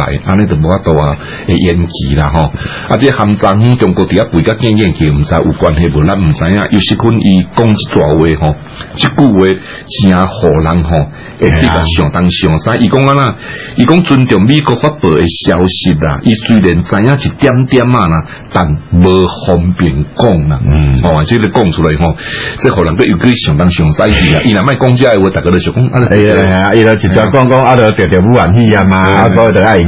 .嚟，安尼就無法度啊嘅演技啦，吼，啊，即韓含臟，中國第一國家嘅演技毋知有關係，咱毋知影，有時陣伊講一句話吼，即句話，話真係互人，吼會比較相當上心。伊講安怎，伊講尊重美國發布嘅消息啦。伊雖然知影一點點啊啦，但無方便講啊。嗯，或者個講出來，吼，即互人能又佢相當上心啲啦。伊若莫講遮個話，大家都講。係啊係啊，伊就直接講講啊，阿條條烏雲去啊嘛，啊啊所以就係。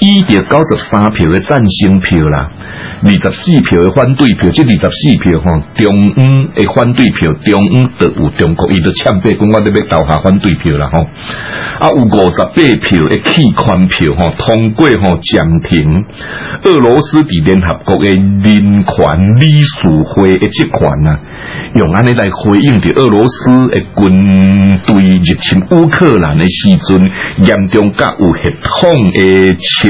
伊着九十三票的贊成票啦，二十四票的反對票，這二十四票吼，中央的反對票，中央都有中國，伊都欠債，公安都要投下反對票啦吼。啊，有五十八票的棄權票吼，通過吼暫停。俄羅斯佇聯合國嘅人權理事會嘅職權啊，用安尼來回應着俄羅斯嘅軍隊入侵烏克蘭嘅時陣，嚴重甲有系統嘅。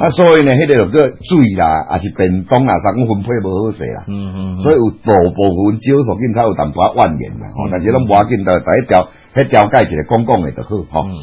啊，所以咧，佢哋都注水啦，啊是便當啊，啥物分配無好勢啦，嗯，嗯，嗯、所以有大部分招商警察有淡薄怨言啦，嘛，但係都無要緊，就逐個調，嗰調解一下，講講嘅就好，嗬。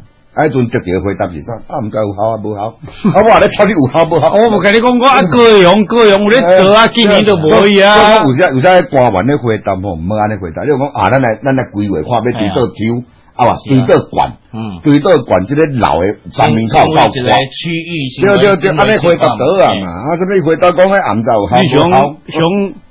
哎，陣這個回答是啥？他唔知有效，啊無效啊，我話咧操你有效，無效。我唔跟你講，我各樣各樣，我咧做啊，今年都無去啊。有陣有陣官員咧回答毋好安尼回答，你為講啊，咱來咱來規劃，看要對倒招啊，對倒管，嗯，對倒管即個老的上面頭包管。對對對，安尼回答得啊嘛？啥物回答講咧，按照好好好。